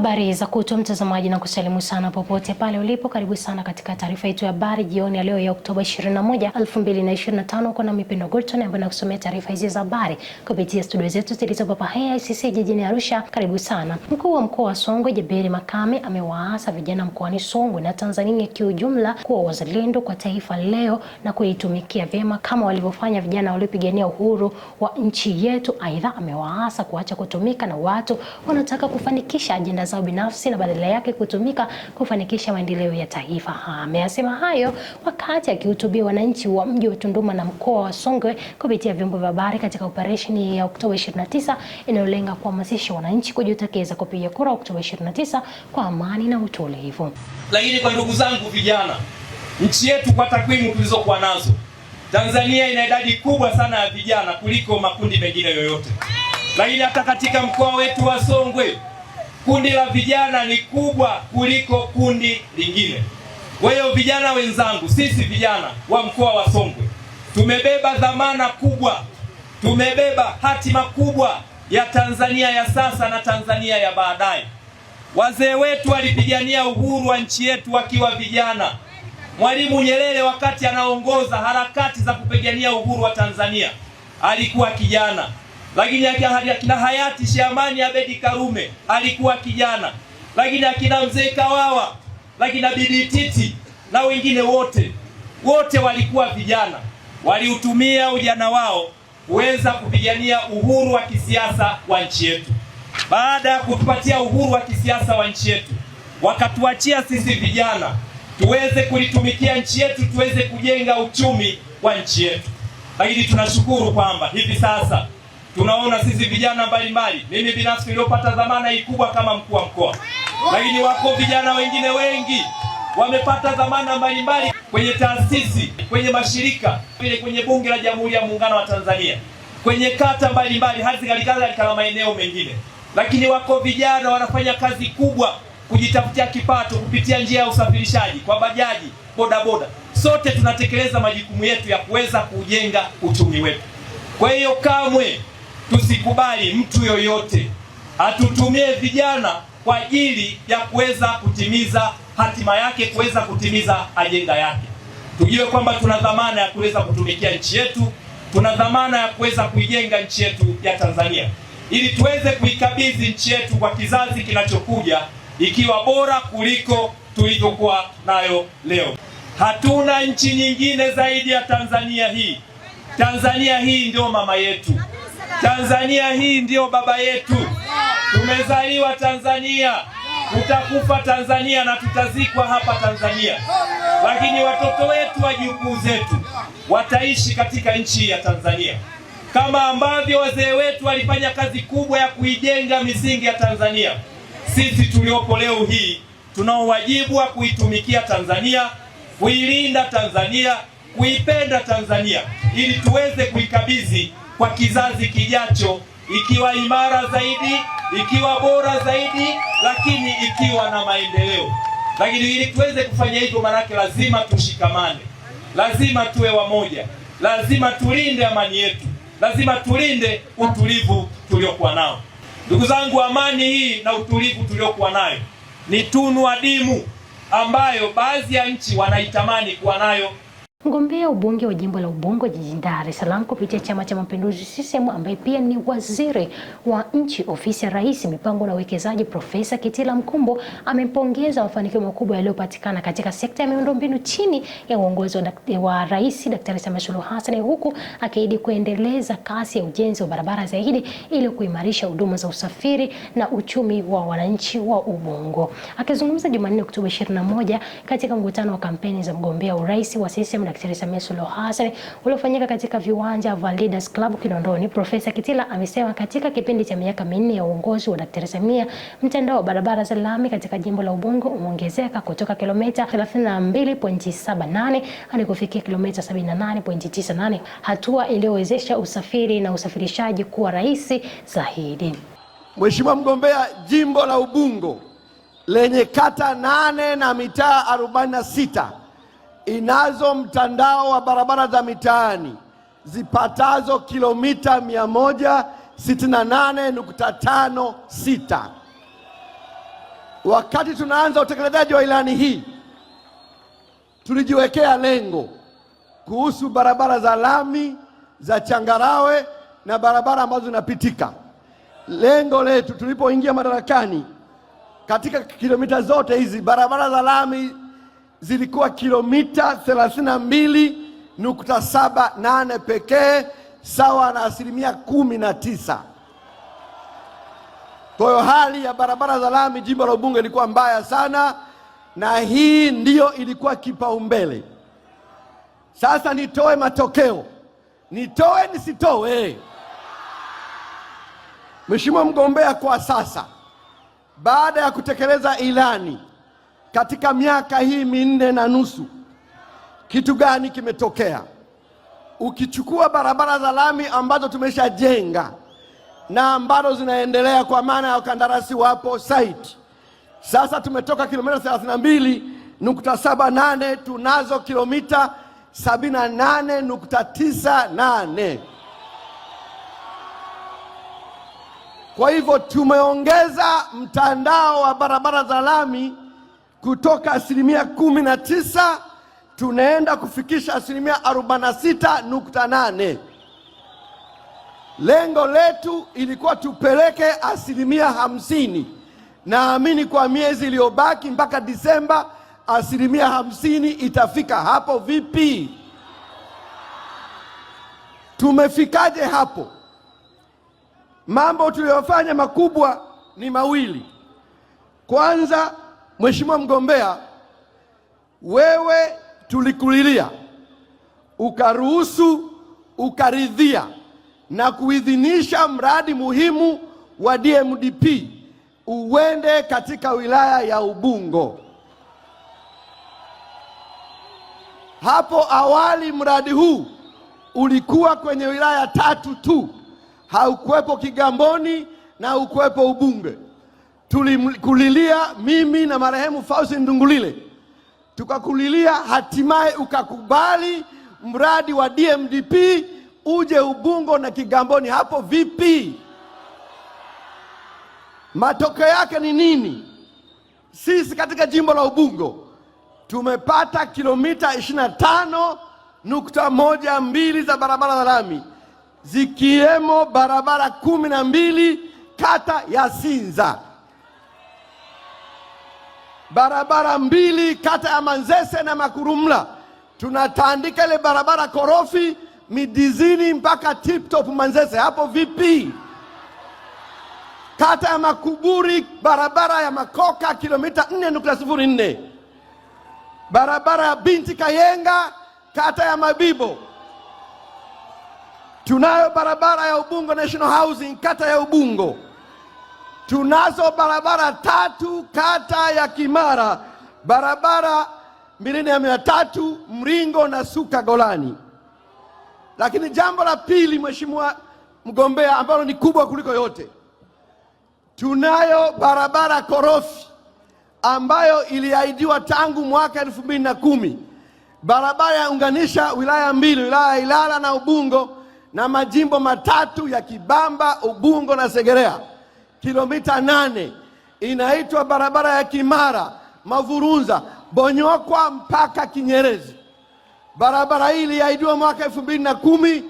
Habari za kutwa mtazamaji, na kusalimu sana popote pale ulipo. Karibu sana katika taarifa yetu ya habari jioni ya leo ya Oktoba 21, 2025. Uko na Mipendo Gulton ambaye nakusomea taarifa hizi za habari kupitia studio zetu zilizopo hapa AICC jijini Arusha. Karibu sana. Mkuu wa mkoa wa Songwe Jaberi Makame amewaasa vijana mkoani Songwe na Tanzania kiujumla kuwa wazalendo kwa taifa leo na kuitumikia vyema kama walivyofanya vijana waliopigania uhuru wa nchi yetu. Aidha, amewaasa kuacha kutumika na watu wanaotaka kufanikisha ajenda zao binafsi na badala yake kutumika kufanikisha maendeleo ya taifa. Ameyasema hayo wakati akihutubia wananchi wa mji wa Tunduma na mkoa wa Songwe kupitia vyombo vya habari katika operesheni ya Oktoba 29 inayolenga kuhamasisha wananchi kujitokeza kupiga kura Oktoba 29 kwa amani na utulivu. Lakini kwa ndugu zangu vijana, nchi yetu kwa takwimu tulizokuwa nazo, Tanzania ina idadi kubwa sana ya vijana kuliko makundi mengine yoyote, lakini hata katika mkoa wetu wa Songwe kundi la vijana ni kubwa kuliko kundi lingine. Kwa hiyo vijana wenzangu, sisi vijana wa mkoa wa Songwe tumebeba dhamana kubwa, tumebeba hatima kubwa ya Tanzania ya sasa na Tanzania ya baadaye. Wazee wetu walipigania uhuru wa nchi yetu wakiwa vijana. Mwalimu Nyerere wakati anaongoza harakati za kupigania uhuru wa Tanzania alikuwa kijana lakini akina hayati Shamani Abedi Karume alikuwa kijana, lakini akina mzee Kawawa, lakini Bibi Titi na wengine wote wote walikuwa vijana, waliutumia ujana wao kuweza kupigania uhuru wa kisiasa wa nchi yetu. Baada ya kutupatia uhuru wa kisiasa wa nchi yetu, wakatuachia sisi vijana tuweze kulitumikia nchi yetu, tuweze kujenga uchumi wa nchi yetu. Lakini tunashukuru kwamba hivi sasa tunaona sisi vijana mbalimbali, mimi binafsi niliopata dhamana hii kubwa kama mkuu wa mkoa, lakini wako vijana wengine wengi wamepata dhamana mbalimbali kwenye taasisi, kwenye mashirika vile, kwenye bunge la Jamhuri ya Muungano wa Tanzania, kwenye kata mbalimbali, hadi kadhalika na maeneo mengine, lakini wako vijana wanafanya kazi kubwa kujitafutia kipato kupitia njia ya usafirishaji kwa bajaji, bodaboda. Sote tunatekeleza majukumu yetu ya kuweza kujenga uchumi wetu. Kwa hiyo kamwe tusikubali mtu yoyote atutumie vijana kwa ajili ya kuweza kutimiza hatima yake, kuweza kutimiza ajenda yake. Tujue kwamba tuna dhamana ya kuweza kutumikia nchi yetu, tuna dhamana ya kuweza kuijenga nchi yetu ya Tanzania ili tuweze kuikabidhi nchi yetu kwa kizazi kinachokuja ikiwa bora kuliko tulivyokuwa nayo leo. Hatuna nchi nyingine zaidi ya Tanzania hii. Tanzania hii ndio mama yetu. Tanzania hii ndiyo baba yetu. Tumezaliwa Tanzania, tutakufa Tanzania na tutazikwa hapa Tanzania, lakini watoto wetu, wajukuu zetu wataishi katika nchi ya Tanzania kama ambavyo wazee wetu walifanya kazi kubwa ya kuijenga misingi ya Tanzania. Sisi tuliopo leo hii tunao wajibu wa kuitumikia Tanzania, kuilinda Tanzania, kuipenda Tanzania ili tuweze kuikabidhi kwa kizazi kijacho, ikiwa imara zaidi, ikiwa bora zaidi, lakini ikiwa na maendeleo. Lakini ili tuweze kufanya hivyo, maanake lazima tushikamane, lazima tuwe wamoja, lazima tulinde amani yetu, lazima tulinde utulivu tuliokuwa nao. Ndugu zangu, amani hii na utulivu tuliokuwa nayo ni tunu adimu ambayo baadhi ya nchi wanaitamani kuwa nayo Mgombea ubunge wa jimbo la Ubungo jijini Dar es Salaam kupitia Chama cha Mapinduzi CCM ambaye pia ni waziri wa nchi ofisi ya Rais mipango na uwekezaji, Profesa Kitila Mkumbo amepongeza mafanikio makubwa yaliyopatikana katika sekta ya miundombinu chini ya uongozi wa, wa Rais Daktari Samia Suluhu Hassan, huku akiahidi kuendeleza kasi ya ujenzi wa barabara zaidi ili kuimarisha huduma za usafiri na uchumi wa wananchi wa Ubungo. Akizungumza Jumanne Oktoba 21 katika mkutano wa kampeni za mgombea urais wa CCM Daktari Samia Suluhu Hassan uliofanyika katika viwanja vya Leaders Club Kinondoni, Profesa Kitila amesema katika kipindi cha miaka minne ya uongozi wa Daktari Samia mtandao wa barabara za lami katika jimbo la Ubungo umeongezeka kutoka kilomita 32.78 hadi kufikia kilomita 78.98, hatua iliyowezesha usafiri na usafirishaji kuwa rahisi zaidi. Mheshimiwa mgombea, jimbo la Ubungo lenye kata nane na mitaa 46 inazo mtandao wa barabara za mitaani zipatazo kilomita 168.56. Wakati tunaanza utekelezaji wa ilani hii, tulijiwekea lengo kuhusu barabara za lami za changarawe na barabara ambazo zinapitika. Lengo letu tulipoingia madarakani, katika kilomita zote hizi barabara za lami zilikuwa kilomita 32.78 pekee sawa na asilimia kumi na tisa. Kwa hiyo hali ya barabara za lami jimbo la Ubungo ilikuwa mbaya sana, na hii ndiyo ilikuwa kipaumbele. Sasa nitoe matokeo, nitoe nisitoe? Mheshimiwa mgombea, kwa sasa baada ya kutekeleza ilani katika miaka hii minne na nusu kitu gani kimetokea? Ukichukua barabara za lami ambazo tumeshajenga na ambazo zinaendelea, kwa maana ya wakandarasi wapo site. Sasa tumetoka kilomita 32.78 tunazo kilomita 78.98. Kwa hivyo tumeongeza mtandao wa barabara za lami kutoka asilimia kumi na tisa tunaenda kufikisha asilimia arobaini na sita nukta nane. Lengo letu ilikuwa tupeleke asilimia hamsini. Naamini kwa miezi iliyobaki mpaka Disemba asilimia hamsini itafika. Hapo vipi? Tumefikaje hapo? Mambo tuliyofanya makubwa ni mawili. Kwanza Mheshimiwa mgombea, wewe tulikulilia, ukaruhusu, ukaridhia na kuidhinisha mradi muhimu wa DMDP uende katika wilaya ya Ubungo. Hapo awali mradi huu ulikuwa kwenye wilaya tatu tu, haukuwepo Kigamboni na haukuwepo Ubunge. Tulikulilia mimi na marehemu Fauzi Ndungulile, tukakulilia, hatimaye ukakubali mradi wa DMDP uje Ubungo na Kigamboni. Hapo vipi? Matokeo yake ni nini? Sisi katika jimbo la Ubungo tumepata kilomita 25 nukta moja mbili za barabara za lami zikiwemo barabara kumi na mbili kata ya Sinza barabara mbili kata ya Manzese na Makurumla, tunatandika ile barabara korofi midizini mpaka top Manzese. Hapo vipi? Kata ya Makuburi, barabara ya Makoka kilomita 4.04, barabara ya Binti Kayenga kata ya Mabibo. Tunayo barabara ya Ubungo National Housing kata ya Ubungo Tunazo barabara tatu kata ya Kimara, barabara ya mia tatu Mringo na Suka Golani. Lakini jambo la pili, mheshimiwa mgombea, ambalo ni kubwa kuliko yote, tunayo barabara korofi ambayo iliahidiwa tangu mwaka elfu mbili na kumi, barabara ya unganisha wilaya mbili, wilaya ya Ilala na Ubungo na majimbo matatu ya Kibamba, Ubungo na Segerea kilomita nane inaitwa barabara ya Kimara Mavurunza Bonyokwa mpaka Kinyerezi. Barabara hii iliahidiwa mwaka elfu mbili na kumi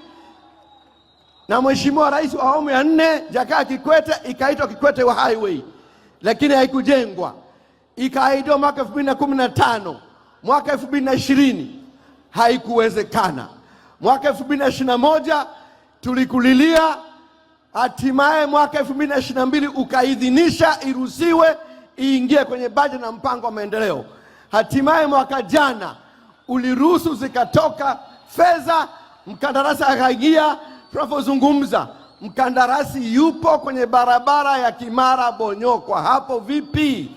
na Mheshimiwa Rais wa awamu ya nne Jakaya Kikwete, ikaitwa Kikwete wa Highway, lakini haikujengwa. Ikaahidiwa mwaka elfu mbili na kumi na tano mwaka elfu mbili na ishirini haikuwezekana. Mwaka elfu mbili na ishirini na moja tulikulilia hatimaye mwaka elfu mbili na ishirini na mbili ukaidhinisha iruziwe iingie kwenye bajeti na mpango wa maendeleo. Hatimaye mwaka jana uliruhusu zikatoka fedha, mkandarasi akaingia. tunavyozungumza mkandarasi yupo kwenye barabara ya Kimara Bonyokwa. Hapo vipi?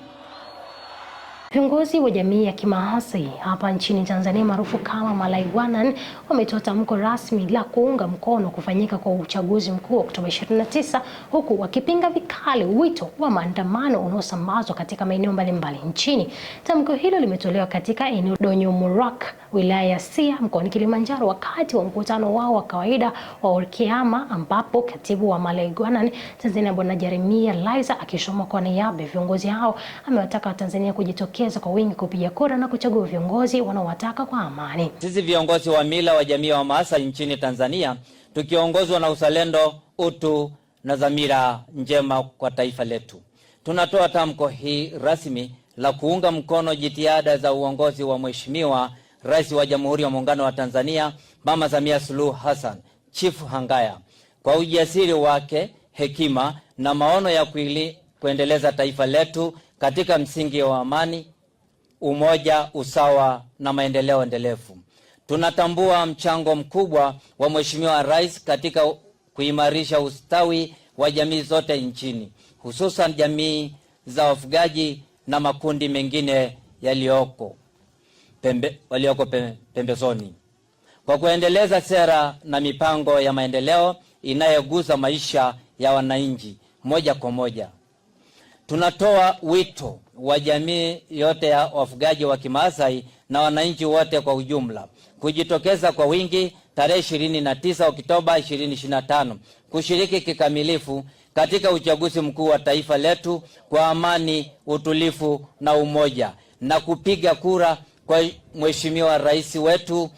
Viongozi wa jamii ya Kimahasi hapa nchini Tanzania maarufu kama Wanan wametoa tamko rasmi la kuunga mkono kufanyika kwa uchaguzi mkuu Oktoba 29 huku wakipinga vikali wito wa maandamano unaosambazwa katika maeneo mbalimbali nchini. Tamko hilo limetolewa katika eneo Murak, wilaya ya Sia, mkoani Kilimanjaro wakati wa mkutano wao wa kawaida wa Orkiama ambapo katibu wa Wanan Tanzania Bwana Jeremia Laizer akisoma kwa niaba ya viongozi hao amewataka Watanzania kujitokea kujitokeza kwa wingi kupiga kura na kuchagua viongozi wanaowataka kwa amani. Sisi viongozi wa mila wa jamii wa Wamasai nchini Tanzania tukiongozwa na uzalendo, utu na dhamira njema kwa taifa letu, tunatoa tamko hii rasmi la kuunga mkono jitihada za uongozi wa Mheshimiwa Rais wa Jamhuri ya Muungano wa Tanzania Mama Samia Suluhu Hassan Chifu Hangaya kwa ujasiri wake, hekima na maono ya kuili kuendeleza taifa letu katika msingi wa amani, umoja, usawa na maendeleo endelevu. Tunatambua mchango mkubwa wa Mheshimiwa Rais katika kuimarisha ustawi wa jamii zote nchini, hususan jamii za wafugaji na makundi mengine yaliyoko pembe, walioko pembezoni kwa kuendeleza sera na mipango ya maendeleo inayogusa maisha ya wananchi moja kwa moja. Tunatoa wito wa jamii yote ya wafugaji wa Kimaasai na wananchi wote kwa ujumla kujitokeza kwa wingi tarehe 29 Oktoba 2025 kushiriki kikamilifu katika uchaguzi mkuu wa taifa letu kwa amani, utulifu na umoja na kupiga kura kwa Mheshimiwa Rais wetu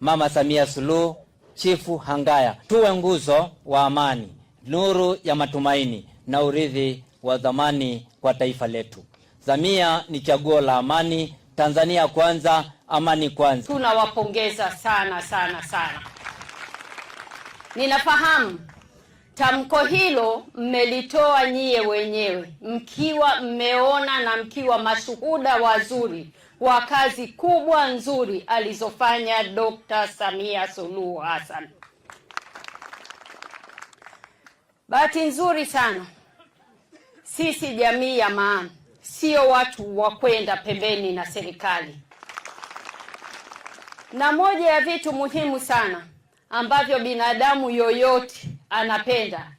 Mama Samia Suluhu Chifu Hangaya. Tuwe nguzo wa amani, nuru ya matumaini na urithi wa dhamani kwa taifa letu. Samia ni chaguo la amani. Tanzania kwanza, amani kwanza. Tunawapongeza sana sana sana. Ninafahamu tamko hilo mmelitoa nyie wenyewe mkiwa mmeona na mkiwa mashuhuda wazuri wa kazi kubwa nzuri alizofanya Dr. Samia Suluhu Hassan. Bahati nzuri sana sisi jamii ya maana sio watu wa kwenda pembeni na serikali. Na moja ya vitu muhimu sana ambavyo binadamu yoyote anapenda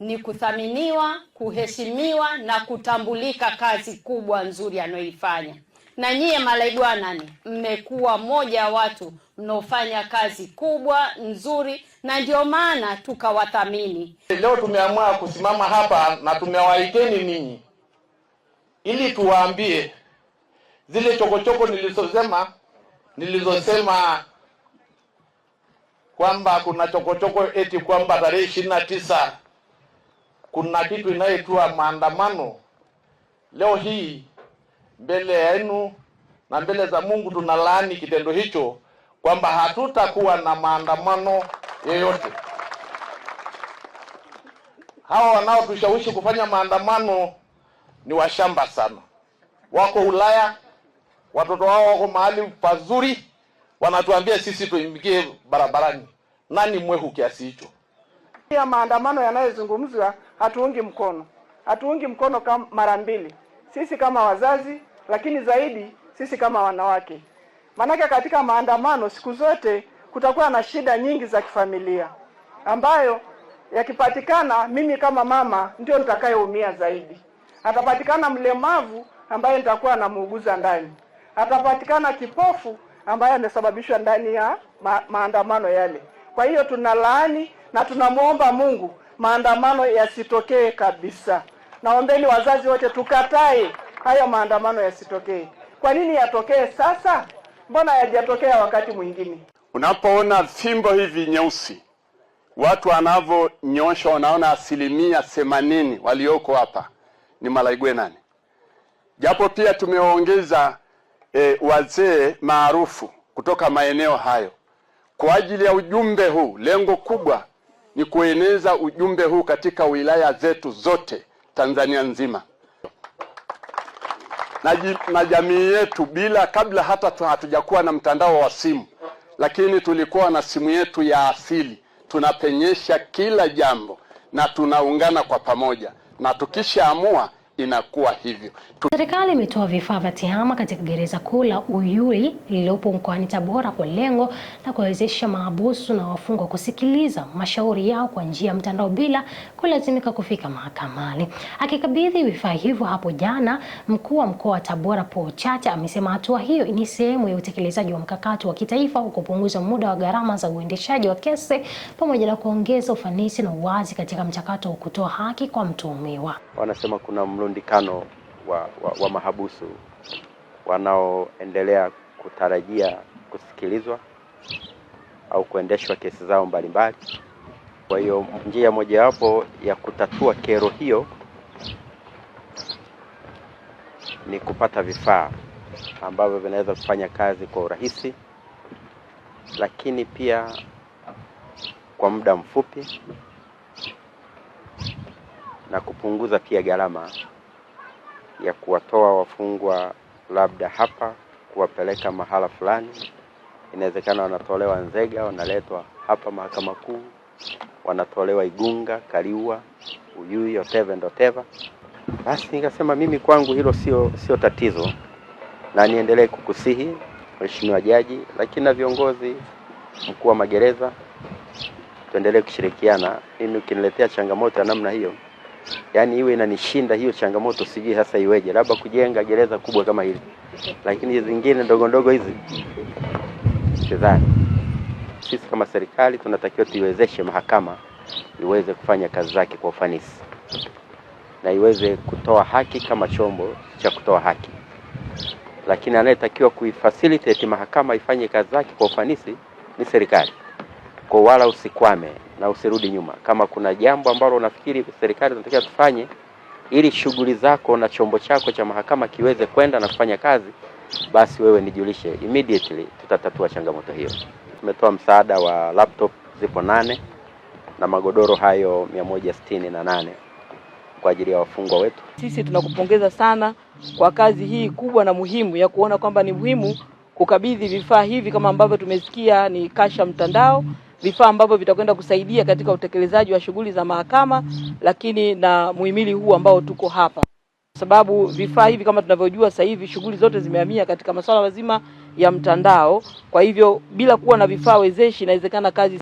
ni kuthaminiwa, kuheshimiwa na kutambulika kazi kubwa nzuri anayoifanya. Na nyiye malaibwanani, mmekuwa moja ya watu mnaofanya kazi kubwa nzuri, na ndio maana tukawathamini. Leo tumeamua kusimama hapa na tumewaiteni ninyi ili tuwaambie zile chokochoko nilizosema nilizosema kwamba kuna chokochoko eti kwamba tarehe ishirini na tisa kuna kitu inayoitwa maandamano. Leo hii mbele yenu na mbele za Mungu tunalaani kitendo hicho, kwamba hatutakuwa na maandamano yoyote. Hawa wanaotushawishi kufanya maandamano ni washamba sana, wako Ulaya, watoto wao wako mahali pazuri, wanatuambia sisi tuingie barabarani. Nani mwehu kiasi hicho? ya maandamano yanayozungumzwa hatuungi mkono, hatuungi mkono kama mara mbili, sisi kama wazazi, lakini zaidi sisi kama wanawake, maanake katika maandamano siku zote kutakuwa na shida nyingi za kifamilia ambayo yakipatikana, mimi kama mama ndio nitakayeumia zaidi atapatikana mlemavu ambaye nitakuwa anamuuguza ndani, atapatikana kipofu ambaye amesababishwa ndani ya ma maandamano yale. Kwa hiyo tunalaani na tunamwomba Mungu maandamano yasitokee kabisa. Naombeni wazazi wote tukatae hayo maandamano yasitokee. Kwa nini yatokee sasa? Mbona yajatokea wakati mwingine? Unapoona fimbo hivi nyeusi watu wanavyonyosha, wanaona asilimia themanini walioko hapa ni Malaigwe nane, japo pia tumewaongeza e, wazee maarufu kutoka maeneo hayo kwa ajili ya ujumbe huu. Lengo kubwa ni kueneza ujumbe huu katika wilaya zetu zote Tanzania nzima na jamii yetu, bila kabla hata hatujakuwa na mtandao wa simu, lakini tulikuwa na simu yetu ya asili, tunapenyesha kila jambo na tunaungana kwa pamoja na tukishaamua inakuwa hivyo. Serikali imetoa vifaa vya TEHAMA katika gereza kuu la Uyui lililopo mkoani Tabora kwa lengo la kuwawezesha mahabusu na wafungwa kusikiliza mashauri yao kwa njia ya mtandao bila kulazimika kufika mahakamani. Akikabidhi vifaa hivyo hapo jana, mkuu wa mkoa wa Tabora Paul Chacha amesema hatua hiyo ni sehemu ya utekelezaji wa mkakati wa kitaifa wa kupunguza muda wa gharama za uendeshaji wa kesi pamoja na kuongeza ufanisi na uwazi katika mchakato wa kutoa haki kwa mtuhumiwa. Wanasema kuna mlo mrundikano wa, wa, wa mahabusu wanaoendelea kutarajia kusikilizwa au kuendeshwa kesi zao mbalimbali. Kwa hiyo njia mojawapo ya kutatua kero hiyo ni kupata vifaa ambavyo vinaweza kufanya kazi kwa urahisi, lakini pia kwa muda mfupi na kupunguza pia gharama ya kuwatoa wafungwa labda hapa kuwapeleka mahala fulani. Inawezekana wanatolewa Nzega, wanaletwa hapa mahakama kuu, wanatolewa Igunga, Kaliua, Uyui, oteva ndoteva. Basi nikasema mimi kwangu hilo sio sio tatizo, na niendelee kukusihi Mheshimiwa Jaji, lakini na viongozi, mkuu wa magereza, tuendelee kushirikiana. Mimi ukiniletea changamoto ya namna hiyo yani iwe inanishinda hiyo changamoto, sijui hasa iweje, labda kujenga gereza kubwa kama hili, lakini zingine ndogo ndogo hizi sidhani. Sisi kama serikali tunatakiwa tuiwezeshe mahakama iweze kufanya kazi zake kwa ufanisi na iweze kutoa haki kama chombo cha kutoa haki, lakini anayetakiwa kuifacilitate mahakama ifanye kazi zake kwa ufanisi ni serikali, kwa wala usikwame na usirudi nyuma. Kama kuna jambo ambalo unafikiri serikali inatakiwa tufanye ili shughuli zako na chombo chako cha mahakama kiweze kwenda na kufanya kazi, basi wewe nijulishe immediately, tutatatua changamoto hiyo. Tumetoa msaada wa laptop zipo nane na magodoro hayo mia moja sitini na nane kwa ajili ya wafungwa wetu. Sisi tunakupongeza sana kwa kazi hii kubwa na muhimu ya kuona kwamba ni muhimu kukabidhi vifaa hivi kama ambavyo tumesikia ni kasha mtandao vifaa ambavyo vitakwenda kusaidia katika utekelezaji wa shughuli za mahakama, lakini na muhimili huu ambao tuko hapa, sababu vifaa hivi kama tunavyojua sasa hivi shughuli zote zimehamia katika masuala mazima ya mtandao. Kwa hivyo bila kuwa na vifaa wezeshi inawezekana kazi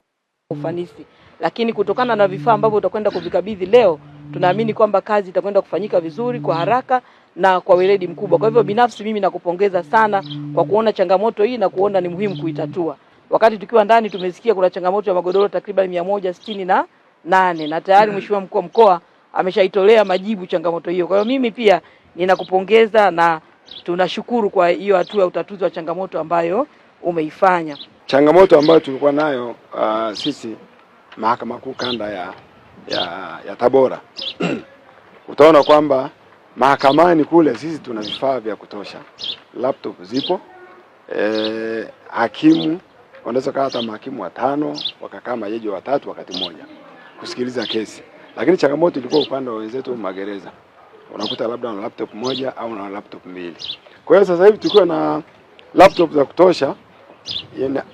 ufanisi, lakini kutokana na vifaa ambavyo utakwenda kuvikabidhi leo, tunaamini kwamba kazi itakwenda kufanyika vizuri kwa haraka na kwa weledi mkubwa. Kwa hivyo binafsi mimi nakupongeza sana kwa kuona changamoto hii na kuona ni muhimu kuitatua. Wakati tukiwa ndani tumesikia kuna changamoto ya magodoro takriban mia moja sitini na nane na tayari Mheshimiwa mkuu wa mkoa ameshaitolea majibu changamoto hiyo. Kwa hiyo mimi pia ninakupongeza na tunashukuru kwa hiyo hatua ya utatuzi wa changamoto ambayo umeifanya. Changamoto ambayo tulikuwa nayo uh, sisi Mahakama Kuu kanda ya, ya, ya Tabora utaona kwamba mahakamani kule sisi tuna vifaa vya kutosha, laptop zipo, eh, hakimu wanaweza kaa hata mahakimu watano wakakaa majaji watatu wakati mmoja kusikiliza kesi, lakini changamoto ilikuwa upande wa wenzetu magereza, unakuta labda na laptop moja au na laptop mbili. Kwa hiyo sasa hivi tukiwa na laptop za kutosha,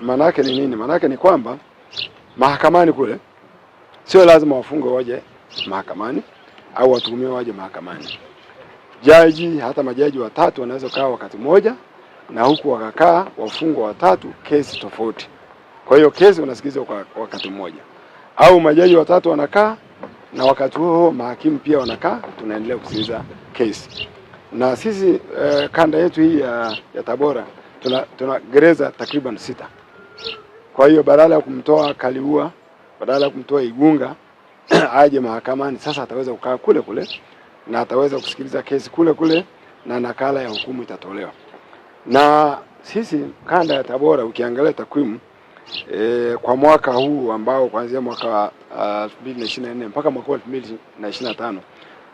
maana yake ni nini? Maana yake ni kwamba mahakamani kule sio lazima wafungwe waje mahakamani au watuhumiwa waje mahakamani. Jaji hata majaji watatu wanaweza kaa wakati mmoja na huku wakakaa wafungwa watatu kesi tofauti. Kwa hiyo kesi unasikilizwa kwa wakati mmoja, au majaji watatu wanakaa na wakati huo huo mahakimu pia wanakaa, tunaendelea kusikiliza kesi. Na sisi eh, kanda yetu hii ya, ya Tabora tuna, tuna gereza takriban sita. Kwa hiyo badala ya kumtoa Kaliua, badala ya kumtoa Igunga aje mahakamani, sasa ataweza kukaa kule kule na ataweza kusikiliza kesi kule kule na nakala ya hukumu itatolewa na sisi kanda ya Tabora ukiangalia takwimu e, kwa mwaka huu ambao kuanzia mwaka 2024 ah, mpaka mwaka 2025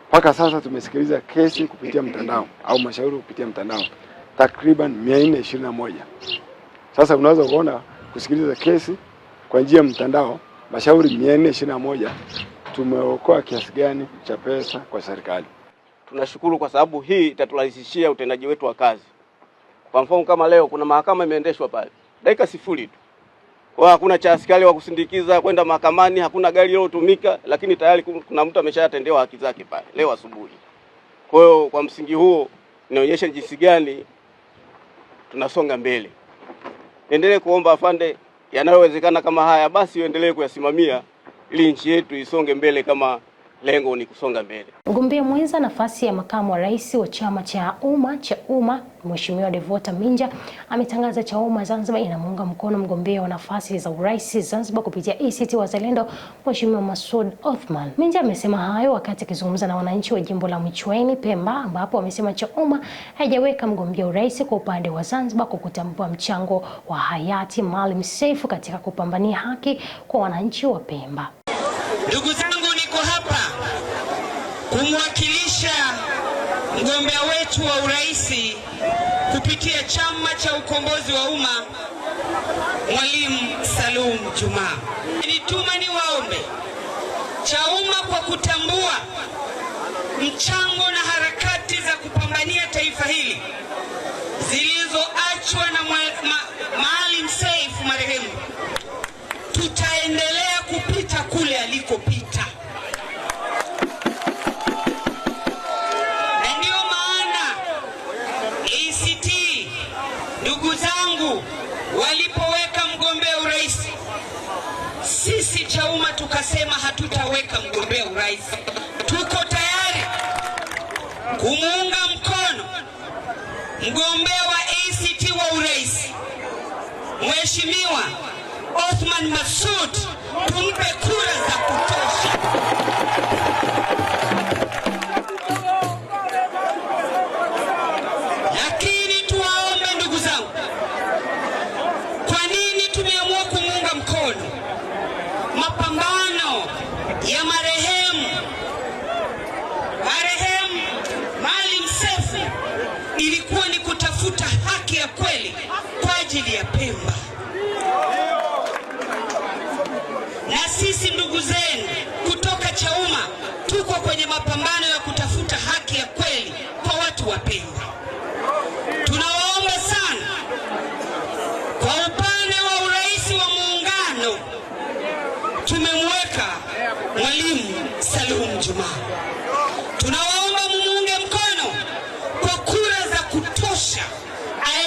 mpaka sasa tumesikiliza kesi kupitia mtandao au mashauri kupitia mtandao takriban moja. Sasa unaweza kuona kusikiliza kesi kwa njia ya mtandao mashauri moja, tumeokoa kiasi gani cha pesa kwa serikali. Tunashukuru kwa sababu hii itaturahisishia utendaji wetu wa kazi. Kwa mfano kama leo kuna mahakama imeendeshwa pale dakika sifuri tu, kwa hakuna cha askari wa kusindikiza kwenda mahakamani, hakuna gari lilotumika, lakini tayari kuna mtu ameshatendewa haki zake pale leo asubuhi. Kwa hiyo kwa msingi huo inaonyesha jinsi gani tunasonga mbele. Endelee kuomba afande, yanayowezekana kama haya basi uendelee kuyasimamia ili nchi yetu isonge mbele kama lengo ni kusonga mbele. Mgombea mwenza nafasi ya makamu wa rais wa chama cha umma cha umma Mheshimiwa Devota Minja ametangaza chaumma Zanzibar inamuunga mkono mgombea wa nafasi za urais Zanzibar kupitia ACT e Wazalendo Mheshimiwa Masoud Othman. Minja amesema hayo wakati akizungumza na wananchi wa jimbo la Micheweni Pemba, ambapo amesema chaumma haijaweka mgombea urais kwa upande wa Zanzibar kwa kutambua mchango wa hayati Maalim Seif katika kupambania haki kwa wananchi wa Pemba. Duguza kumwakilisha mgombea wetu wa urais kupitia Chama cha Ukombozi wa Umma, Mwalimu Salum Juma. Nituma ni waombe CHAUMMA kwa kutambua mchango na harakati za kupambania taifa hili zilizoachwa na Maalim Seif marehemu, tutaendelea kupita kule alikopita. tumesema hatutaweka mgombea urais. Tuko tayari kumuunga mkono mgombea wa ACT wa urais Mheshimiwa Othman Masoud, tumpe kura za kutosha.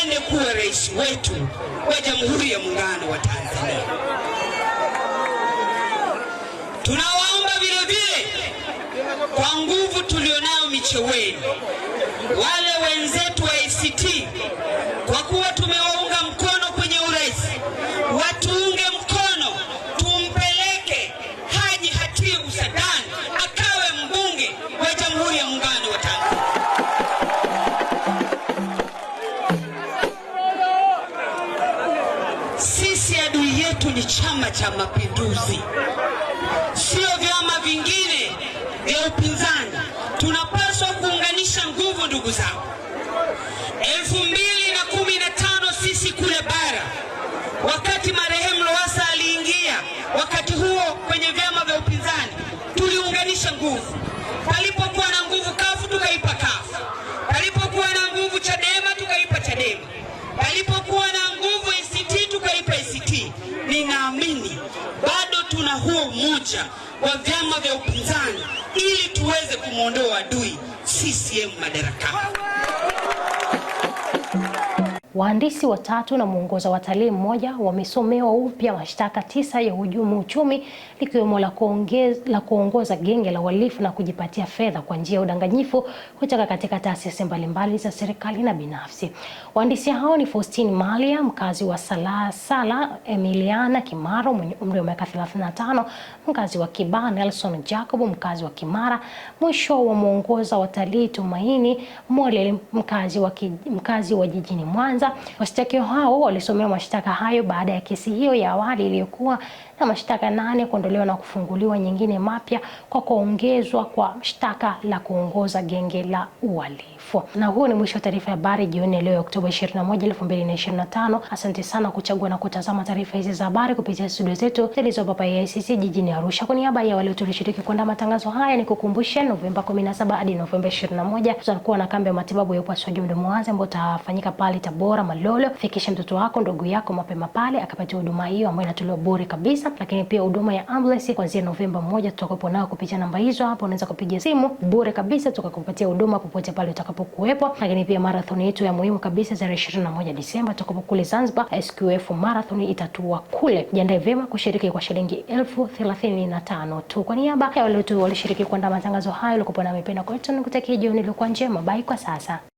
aende kuwa rais wetu wa Jamhuri ya Muungano wa Tanzania. Tunawaomba vilevile kwa nguvu tulionao Micheweni, wale wenzetu wa ACT, kwa kuwa tumewaunga mkono cha Mapinduzi, sio vyama vingine vya upinzani. Tunapaswa kuunganisha nguvu, ndugu zangu. elfu mbili na kumi na tano sisi kule bara, wakati marehemu Lowassa aliingia, wakati huo kwenye vyama vya upinzani tuliunganisha nguvu. madarakani. Waandisi watatu na mwongoza watalii mmoja wamesomewa upya mashtaka tisa ya hujumu uchumi likiwemo la, la kuongoza genge la uhalifu na kujipatia fedha kwa njia ya udanganyifu kutoka katika taasisi mbalimbali za serikali na binafsi waandisi hao ni Faustin Malia mkazi wa Sala Emiliana Kimaro mwenye umri wa miaka 35 mkazi wa Kibaa Nelson Jacob mkazi wa Kimara. Mwisho wa mwongoza watalii Tumaini Mole mkazi wa, ki, mkazi wa jijini Mwanza. Washtaki hao walisomewa mashtaka hayo baada ya kesi hiyo ya awali iliyokuwa na mashtaka nane kuondolewa na kufunguliwa nyingine mapya kwa kuongezwa kwa shtaka la kuongoza genge la uali kifua. Na huo ni mwisho wa taarifa ya habari jioni leo ya Oktoba 21, 2025. Asante sana kuchagua na kutazama taarifa hizi za habari kupitia studio zetu zilizo hapa AICC jijini Arusha. Kwa niaba ya wale wote walioshiriki kuandaa matangazo haya, ni kukumbushe Novemba 17 hadi Novemba 21 tutakuwa na kambi ya matibabu ya upasuaji mdomo wazi ambayo itafanyika pale Tabora Malolo. Fikishe mtoto wako ndugu yako mapema pale akapatia huduma hiyo ambayo inatolewa bure kabisa, lakini pia huduma ya ambulance kuanzia Novemba moja tutakuwepo nao kupitia namba hizo hapo, unaweza kupiga simu bure kabisa tukakupatia huduma popote pale utakapo utakapokuwepo, lakini pia marathon yetu ya muhimu kabisa tarehe 21 Disemba tutakapo kule Zanzibar, SQF marathon itatua kule. Jiandae vyema kushiriki kwa shilingi elfu thelathini na tano tu. Kwa niaba ya wale walishiriki kuandaa matangazo hayo, ulikuwa na mipenda kwetu, nikutakia jioni iliyokuwa njema. Bye kwa sasa.